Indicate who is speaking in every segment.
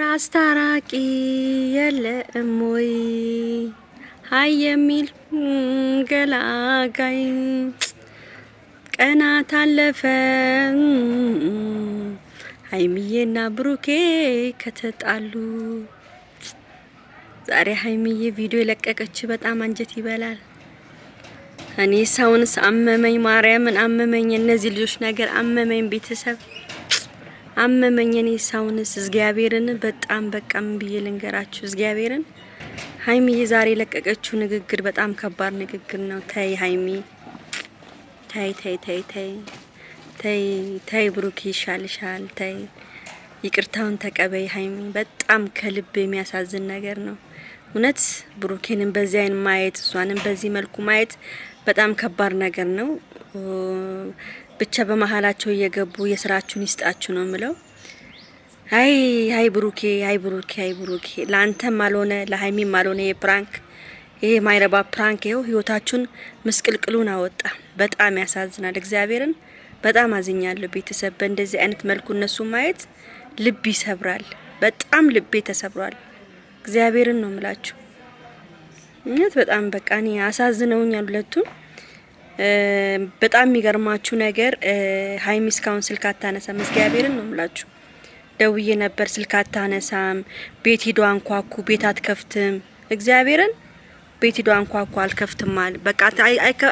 Speaker 1: ራስ አስታራቂ የለም ወይ ሀይ የሚል ገላጋይ ቀናት አለፈ ሀይሚዬና ብሩኬ ከተጣሉ። ዛሬ ሀይሚዬ ቪዲዮ የለቀቀች በጣም አንጀት ይበላል። እኔ ሰውንስ አመመኝ፣ ማርያምን አመመኝ፣ እነዚህ ልጆች ነገር አመመኝ ቤተሰብ አመመኝ። እኔ ሳውንስ እግዚአብሔርን በጣም በቃም ብዬ ልንገራችሁ። እግዚአብሔርን ሀይሚ ዛሬ የለቀቀችው ንግግር በጣም ከባድ ንግግር ነው። ተይ ሀይሚ ተይ ተይ ተይ ተይ ተይ ተይ፣ ብሩክ ይሻልሻል። ተይ ይቅርታውን ተቀበይ ሀይሚ። በጣም ከልብ የሚያሳዝን ነገር ነው። እውነት ብሩኬንን በዚህ አይን ማየት እሷንም በዚህ መልኩ ማየት በጣም ከባድ ነገር ነው። ብቻ በመሀላቸው እየገቡ የስራችሁን ይስጣችሁ ነው የምለው። አይ አይ ብሩኬ አይ ብሩኬ አይ ብሩኬ ለአንተም አልሆነ ለሀይሚም አልሆነ የፕራንክ ይሄ ማይረባ ፕራንክ ይኸው ህይወታችሁን ምስቅልቅሉን አወጣ። በጣም ያሳዝናል። እግዚአብሔርን በጣም አዝኛለሁ። ቤተሰብ በእንደዚህ አይነት መልኩ እነሱ ማየት ልብ ይሰብራል። በጣም ልቤ ተሰብሯል። እግዚአብሔርን ነው ምላችሁ እነት በጣም በቃ እኔ አሳዝነውኛል በጣም የሚገርማችሁ ነገር ሀይሚ እስካሁን ስልክ አታነሳም። እግዚአብሔርን ነው ምላችሁ ደውዬ ነበር ስልክ አታነሳም። ቤት ሂዶ አንኳኩ፣ ቤት አትከፍትም። እግዚአብሔርን ቤት ሂዶ አንኳኩ፣ አልከፍትም አለ። በቃ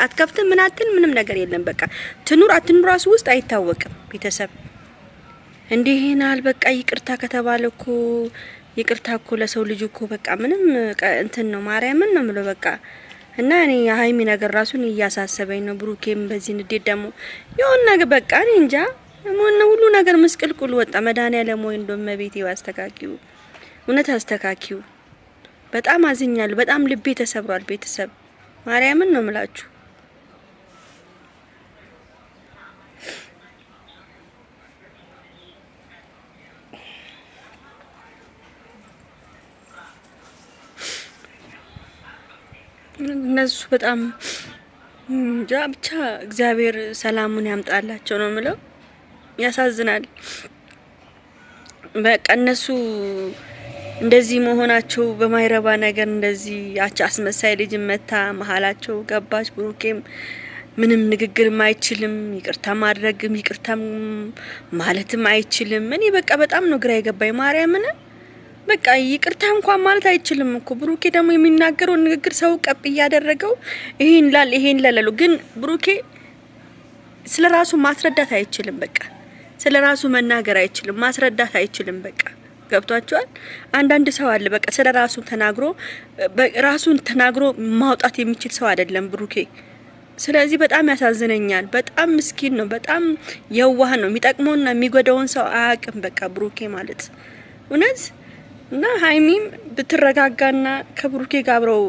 Speaker 1: አትከፍትም፣ ምን አትል፣ ምንም ነገር የለም። በቃ ትኑር አትኑር ራሱ ውስጥ አይታወቅም። ቤተሰብ እንዲህ ይናል። በቃ ይቅርታ ከተባለ እኮ ይቅርታ እኮ ለሰው ልጅ እኮ በቃ ምንም እንትን ነው። ማርያምን ነው የምለው በቃ እና እኔ የሀይሚ ነገር ራሱን እያሳሰበኝ ነው። ብሩኬም በዚህ ንዴት ደግሞ የሆነ ነገር በቃ እኔ እንጃ ሞነ ሁሉ ነገር ምስቅልቁል ወጣ። መድኃኒዓለም ወይ እንደውም ቤት አስተካኪው፣ እውነት አስተካኪው። በጣም አዝኛለሁ። በጣም ልቤ ተሰብሯል። ቤተሰብ ማርያምን ነው ምላችሁ እነሱ በጣም እንጃ ብቻ እግዚአብሔር ሰላሙን ያምጣላቸው ነው ምለው። ያሳዝናል። በቃ እነሱ እንደዚህ መሆናቸው በማይረባ ነገር እንደዚህ ያቺ አስመሳይ ልጅ መታ መሀላቸው ገባች። ብሩኬም ምንም ንግግርም አይችልም፣ ይቅርታ ማድረግም ይቅርታ ማለትም አይችልም። እኔ በቃ በጣም ነው ግራ የገባኝ ማርያምን በቃ ይቅርታ እንኳን ማለት አይችልም እኮ ብሩኬ። ደግሞ የሚናገረው ንግግር ሰው ቀብ እያደረገው ይሄን ላል ይሄን ለለሉ። ግን ብሩኬ ስለ ራሱ ማስረዳት አይችልም። በቃ ስለ ራሱ መናገር አይችልም፣ ማስረዳት አይችልም። በቃ ገብቷቸዋል። አንዳንድ ሰው አለ በቃ ስለ ራሱ ተናግሮ ራሱን ተናግሮ ማውጣት የሚችል ሰው አይደለም ብሩኬ። ስለዚህ በጣም ያሳዝነኛል። በጣም ምስኪን ነው። በጣም የዋህ ነው። የሚጠቅመውና የሚጎዳውን ሰው አያውቅም። በቃ ብሩኬ ማለት እውነት እና ሀይሚም ብትረጋጋና ከብሩኬ ጋር አብረው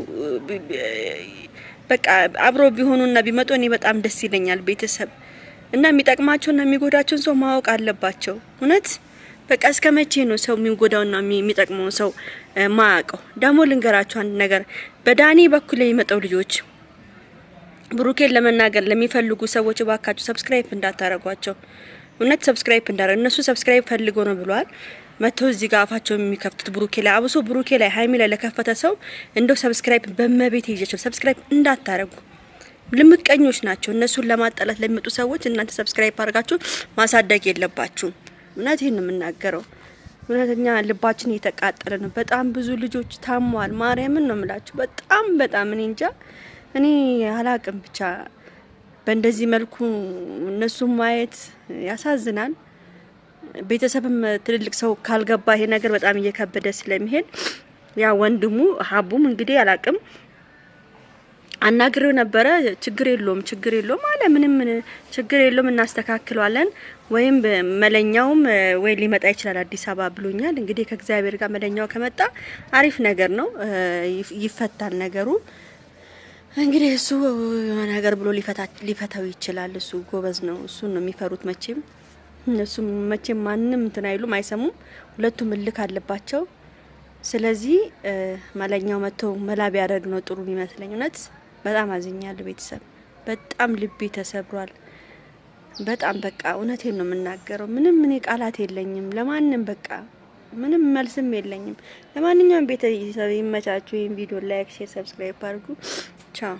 Speaker 1: በቃ አብረው ቢሆኑና ቢመጡ እኔ በጣም ደስ ይለኛል። ቤተሰብ እና የሚጠቅማቸውና የሚጎዳቸውን ሰው ማወቅ አለባቸው። እውነት በቃ እስከ መቼ ነው ሰው የሚጎዳውና የሚጠቅመውን ሰው ማያውቀው? ደግሞ ልንገራቸው አንድ ነገር በዳኒ በኩል የሚመጣው ልጆች ብሩኬን ለመናገር ለሚፈልጉ ሰዎች ባካቸው ሰብስክራይብ እንዳታረጓቸው። እውነት ሰብስክራይብ እንዳረ እነሱ ሰብስክራይብ ፈልጎ ነው ብሏል። መተው እዚህ ጋር አፋቸው የሚከፍቱት ብሩኬ ላይ አብሶ ብሩኬ ላይ ሀይሚ ላይ ለከፈተ ሰው እንደው ሰብስክራይብ በመቤት ይዤቸው ሰብስክራይብ እንዳታረጉ። ልምቀኞች ናቸው። እነሱን ለማጣላት ለሚመጡ ሰዎች እናንተ ሰብስክራይብ አድርጋችሁ ማሳደግ የለባችሁም። እውነት ይህን የምናገረው እውነተኛ ልባችን እየተቃጠለ ነው። በጣም ብዙ ልጆች ታሟል። ማርያምን ነው የምላችሁ። በጣም በጣም እኔ እንጃ እኔ አላቅም ብቻ በእንደዚህ መልኩ እነሱን ማየት ያሳዝናል። ቤተሰብም ትልልቅ ሰው ካልገባ ይሄ ነገር በጣም እየከበደ ስለሚሄድ ያ ወንድሙ ሀቡም እንግዲህ አላቅም አናግሬው ነበረ። ችግር የለውም ችግር የለውም አለ። ምንም ችግር የለውም እናስተካክለዋለን፣ ወይም መለኛውም ወይ ሊመጣ ይችላል አዲስ አበባ ብሎኛል። እንግዲህ ከእግዚአብሔር ጋር መለኛው ከመጣ አሪፍ ነገር ነው፣ ይፈታል ነገሩ። እንግዲህ እሱ ነገር ብሎ ሊፈታው ይችላል። እሱ ጎበዝ ነው። እሱን ነው የሚፈሩት መቼም እነሱም መቼም ማንም እንትን አይሉም አይሰሙም። ሁለቱም እልክ አለባቸው። ስለዚህ መለኛው መጥቶ መላ ቢያደርግ ነው ጥሩ የሚመስለኝ። እውነት በጣም አዝኛለሁ ቤተሰብ፣ በጣም ልቤ ተሰብሯል። በጣም በቃ እውነቴን ነው የምናገረው። ምንም እኔ ቃላት የለኝም ለማንም በቃ ምንም መልስም የለኝም። ለማንኛውም ቤተሰብ ይመቻችሁ። ይህን ቪዲዮ ላይክ፣ ሼር፣ ሰብስክራይብ አድርጉ። ቻው